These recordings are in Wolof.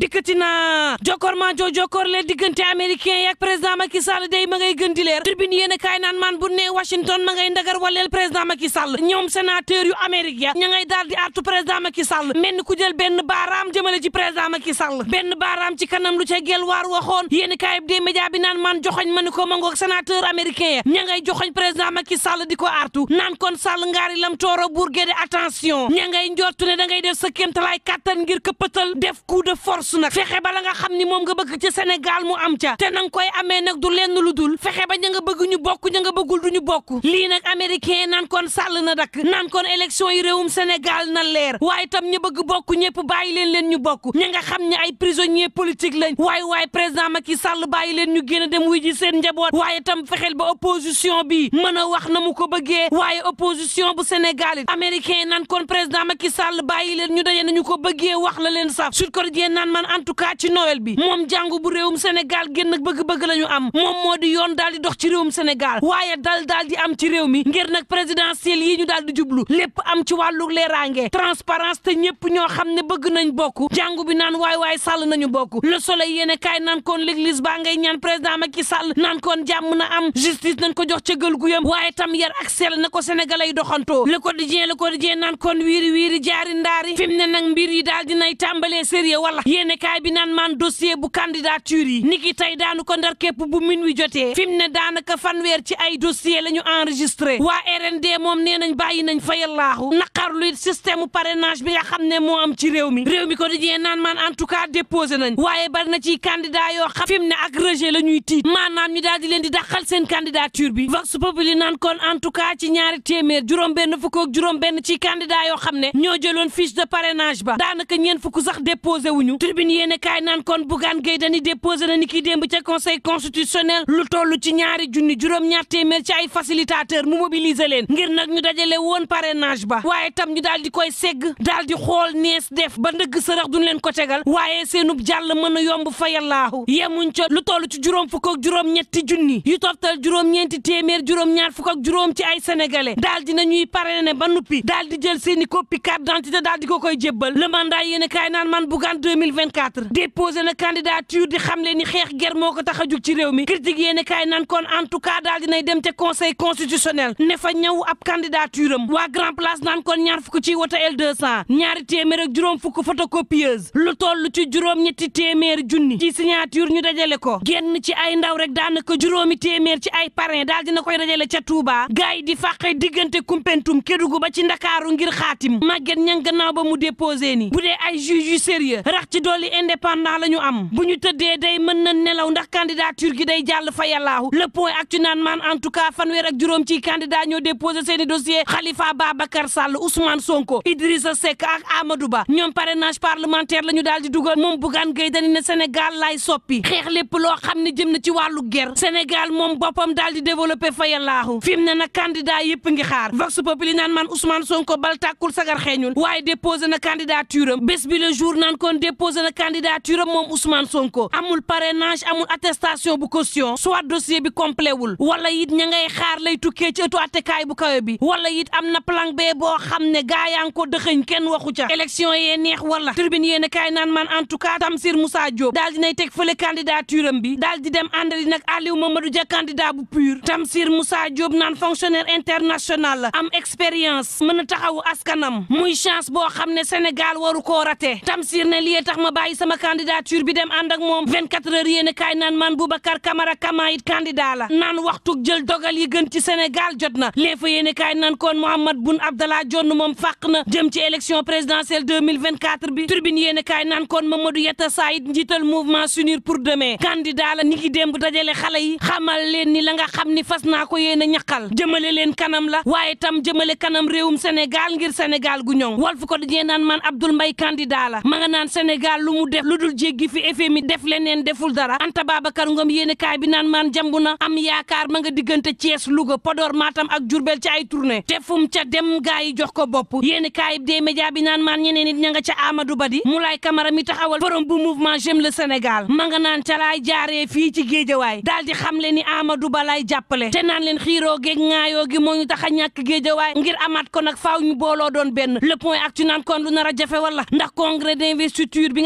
dikkati naa jokkoor maa joo jokkoor lee diggante américain yi ak président Macky Sall day ma ngay gën di leer tribune yéen naan man bu ne Washington ma ngay ndagar waleel président Macky Sall ñoom sénateur yu Amérique ya ña ngay daal di artu président Macky Sall mel ni benn baaraam jëmale ci président Macky Sall benn baaraam ci kanam lu ca gel waar waxoon yéen a kaay des média naan man joxoñ ma ni ko ma ngoog sénateur américain ya ña ngay joxoñ président Macky Sall di ko artu naan kon Sall ngaari lam tooro bourgé de attention ña ngay njortu ne da ngay def sa kéemtalaay kàttan def coup poste nag fexe ba la nga xam ni moom nga bëgg ci Sénégal mu am ca te nan koy amee nag du lenn lu dul fexe ba ña nga bëgg ñu bokk ña nga bëggul du ñu bokk lii nag américain nan kon sàll na dakk naan kon élection yi réewum Sénégal na leer waaye tam ñu bëgg bokk ñëpp bàyyi leen leen ñu bokk ña nga xam ne ay prisonnier politique lañ waaye waaye président ki Sall bàyyi leen ñu génn dem wuy ji seen njaboot waaye tam fexeel ba opposition bi mën a wax na mu ko bëggee waaye opposition bu Sénégal it américain naan kon président Macky Sall bàyyi leen ñu daje nañu ko bëggee wax la leen saf Sud Quotidien man en tout cas ci Noël bi moom jàngu bu réewum Sénégal génn bëgg-bëgg la ñu am moom moo di yoon daal di dox ci réewum Sénégal waaye dal daal am ci réew mi ngir nag présidentiel yi ñu daal di jublu lépp am ci wàllu leeraange transparence te ñëpp ñoo xam ne bëgg nañ bokk jàngu bi naan waay waay sàll nañu bokk le soleil yéene kaay naan kon l'église baa ngay ñaan président Macky Sall naan kon jàmm na am justice nañ ko jox ca gël gu yam waaye tam yar ak sell na ko sénégalais yi doxantoo le quotidien le quotidien naan kon wiiri wiiri jaari ndaari fi mu ne nag mbir yi daal dinay tàmbalee sérieux wala yéene kaay bi naan maan dossier bu candidature yi niki tey daanu ko ndar képp bu min wi jotee fi mu ne daanaka fanweer ci ay dossier lañu enregistre waa RND moom nee nañ bàyyi nañ fayal laaxu naqarlu it système parenage bi nga ne moom ci réew mi réew mi ko dajee naan maan en tout cas déposé nañ waaye bari na ci candidat yoo xam fi mu ne ak rejet la ñuy tiit maanaam ñu daal di leen di daxal seen candidature bi vox populi naan ko en tout cas ci ñaari téeméer juróom-benn fukk ak benn ci candidat yoo xam ne ñoo jëloon fiche de parrainage ba daanaka ñeen fukk sax déposé wuñu tribune yéen a kaay naan kon Bougane Gueye Dany déposé na ni ki démb ca conseil constitutionnel lu toll ci ñaari junni juróom-ñaar téeméer ci ay facilitateur mu mobiliser leen ngir nag ñu dajale woon parrainage ba waaye tam ñu daal di koy segg daal di xool nees def ba ndëgg sërax duñ leen ko tegal waaye seenub jàll mën a yomb fa yallaahu yemuñ ca lu toll ci juróom fukk ak juróom-ñetti junni yu toftal juróom-ñeenti téeméer juróm ñaar fukk ak juróom ci ay sénégalais daal di nañuy parrainé ba noppi daal di jël seeni copie carte d'identité daal di ko koy jébbal le mandat yéen a kaay naan man Bougane 2020 2024 déposé na candidature di xam leen ni xeex ger moo ko tax a jug ci réew mi critique yéen kaay nan kon en tout cas daal dinay dem ca conseil constitutionnel ne fa ñëw ab candidature am waa grand place naan kon ñaar fukk ci woto L200 ñaari téeméer ak juróom fukk photocopieuse lu toll ci juróom ñetti téeméer junni ci signature ñu dajale ko génn ci ay ndaw rek daanaka juróomi téeméer ci ay parrain daal dina koy dajale ca Touba gars yi di fàqe diggante Kumpentum Kédougou ba ci Ndakaaru ngir xaatim màgget ña gannaaw ba mu déposé ni dolli indépendant la ñu am bu ñu tëddee day mën na nelaw ndax candidature gi day jàll fa yàllaahu le point ak ci naan maan en tout cas fanweer ak juróom ci candidat ñoo déposé seen i dossier Khalifa Babacar Sall Ousmane Sonko Idrissa Seck ak Amadou Ba ñoom parrainage parlementaire la ñu daal di dugal moom Bougane Gueye Dany ne Sénégal laay soppi xeex lépp loo xam ne jëm na ci wàllu ger Sénégal moom boppam dal di développé fa yàllaahu fi mu ne nag yëpp ngi xaar Vox Populi naan maan Ousmane Sonko bal tàkkul sagar xeeñul waaye déposé na candidature am bés bi kon déposé déposé na candidature am moom Ousmane Sonko amul parrainage amul attestation bu caution soit dossier bi complet wul wala it ña ngay xaar lay tukkee ci ëttu attekaay bu kawe bi wala it am na plan B boo xam ne gaa dëxëñ kenn waxu ca élection yee neex wala tribune ne a naan man en tout cas Tamsir Moussa Diop daal dinay teg fële candidature am bi daal di dem àndali nag Aliou Mamadou Dia candidat bu pur Tamsir Moussa Diop naan fonctionnaire international la am expérience mën a taxawu askanam muy chance boo xam ne Sénégal waru koo ba bàyyi sama candidature bi dem ànd moom 24 heures yéen a kaay naan man Boubacar Camara Kama it candidat la naan waxtu jël dogal yi gën ci Sénégal jot na lee fa yéen a kaay naan kon Mahammed Boun Abdallah jon moom fàq na jëm ci élection présidentielle 2024 bi tribune yéen a kaay naan kon Mamadou Yatta Saïd njiital mouvement S'unir pour demain candidat la ni ki démb dajale xale yi xamal leen ni la nga xam ni fas naa ko yéen a ñaqal jëmale leen kanam la waaye tam jëmale kanam réewum Sénégal ngir Sénégal gu ñoŋ Walf ko dajee naan man Abdoul Mbaye candidat la ma nga naan Sénégal Fall lu mu def lu dul jéggi fi FMI def leneen deful dara Anta Babacar Ngom yéen kaay bi naan maan jambu na am yaakaar ma nga diggante Thiès Louga Podor Matam ak Diourbel ci ay tournée te fum ca dem gaa jox ko bopp yéen kaay bi des média bi naan maan ñeneen nit ña nga ca Amadou Badi Moulay Camara mi taxawal borom bu mouvement J'aime le senegal ma nga naan ca laay jaaree fii ci géejawaay daal di xam le ni Amadou Ba lay jàppale te naan leen xiiroo geeg ŋaayoo gi moo ñu tax a ñàkk ngir amaat ko nag faaw ñu booloo doon benn le point ak ci naan kon lu nar a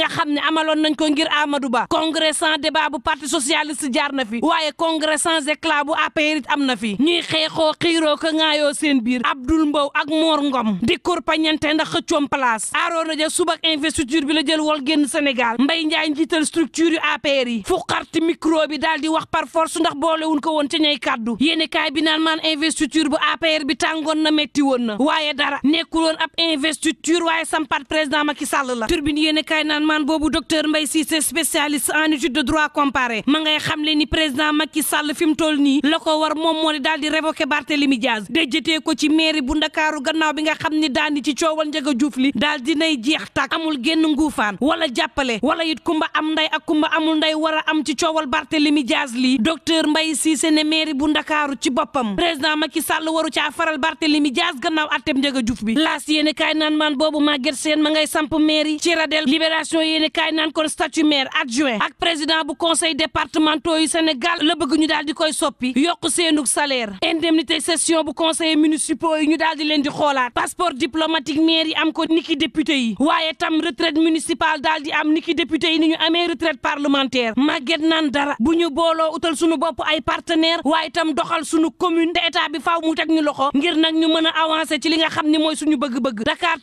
nga xam ne amaloon nañ ko ngir Amadou Ba congrès sans débat bu parti socialiste jaar na fi waaye congrès sans éclat bu APR am na fi ñuy xeexoo xiiroo ko ŋaayoo seen biir Abdoul Mbow ak Mor Ngom di kurpañante ndax xëccoom place Arona Dia suba ak investiture bi la jël wol génn Sénégal mbay Ndiaye njiital structure yu APR yi fu xarti micro bi daal di wax par force ndax boolewuñ ko woon ca ñay kàddu yéene kaay bi naan maan investiture bu APR bi tàngoon na métti woon na waaye dara nekkuloon ab investiture waaye sampat président Macky Sall la turbine yéene kaay naan ilimaan boobu docteur Mbaye Cissé spécialiste en étude de droit comparé ma ngay xamle ni président Macky Sall fi mu toll ni la ko war moom moo di daal di révoquer Barthélémy Diaz déjjatee ko ci mairie bu Ndakaaru gannaaw bi nga xam ni daani ci coowal Ndiaga Diouf li daal dinay jeex tàkk amul génn nguufaan wala jàppale wala it kumba am nday ak kumba amul nday war a am ci coowal Barthélémy Diaz lii docteur mbay Cissé ne mairie bu Ndakaaru ci boppam président Macky Sall waru caa faral Barthélémy Diaz gannaaw atteb Ndiaga Diouf bi laas yéene kaay naan maan boobu Maguette Sène ma ngay samp mairie ci radel libération libération yéeni kaay naan kon statut maire adjoint ak président bu conseil départementaux yu Sénégal la bëgg ñu daal di koy soppi yokk seenug salaire indemnité session bu conseil municipaux yi ñu daal di leen di xoolaat passeport diplomatique maire yi am ko niki député yi waaye tam retraite municipale daal di am niki député yi ni ñu amee retraite parlementaire màgget nan dara bu ñu booloo utal sunu bopp ay partenaire waaye tam doxal sunu commune te état bi faaw mu teg ñu loxo ngir nag ñu mën a avancer ci li nga xam ne mooy suñu bëgg-bëgg Dakar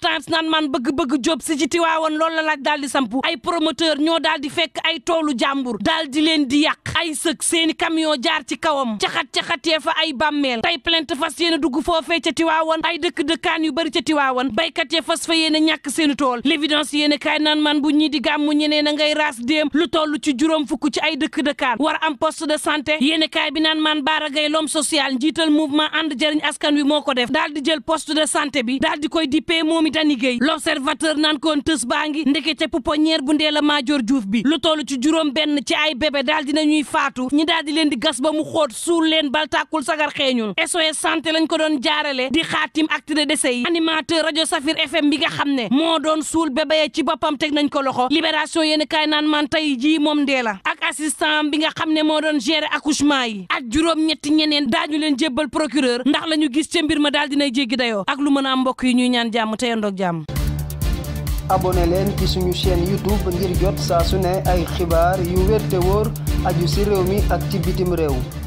man bëgg-bëgg job sampu ay promoteur ñoo daal di fekk ay toolu jàmbur daal di leen di yàq ay sëg seeni camion jaar ci kawam caxat caxatee ay bàmmeel tey plainte fas yéene dugg foofee ca Tiwaawan ay dëkk dëkkaan yu bëri ca Tiwaawan baykat yee fas fa yéene ñàkk seeni tool l'évidence yéene kaay naan man bu ñii di gàmmu ñeneen a ngay raas déem lu toll ci juróom fukk ci ay dëkk dëkkaan war am poste de sante yéene kaay bi naan man baara gay l'homme social njiital mouvement ànd jëriñ askan wi moo ko def daal di jël post de santé bi daal di koy dippee moomi dani géey l'observateur naan koon tës baa ngi ndeke ca pouponnière bu Ndella Madior Diouf bi lu toll ci juróom benn ci ay bébé daal dinañuy faatu ñi daal di leen di gas ba mu xóot suul leen bal tàkkul sagar xeeñul SOS santé lañ ko doon jaarale di xaatim acte de décès animateur rajo Safir FM bi nga xam ne moo doon suul bébé ya ci boppam teg nañ ko loxo libération yéen kaay naan man tey jii moom Ndella ak assistant bi nga xam ne moo doon gérer accouchement yi ak juróom ñetti ñeneen daañu leen jébbal procureur ndax la ñu gis ca mbir ma daal dinay jéggi dayoo ak lu mën a mbokk yi ñuy ñaan jàmm te yandoog jàmm abonné leen ci suñu chaîne YouTube ngir jot saa su ne ay xibaar yu wér woor wóor ci réew mi ak ci bitim réew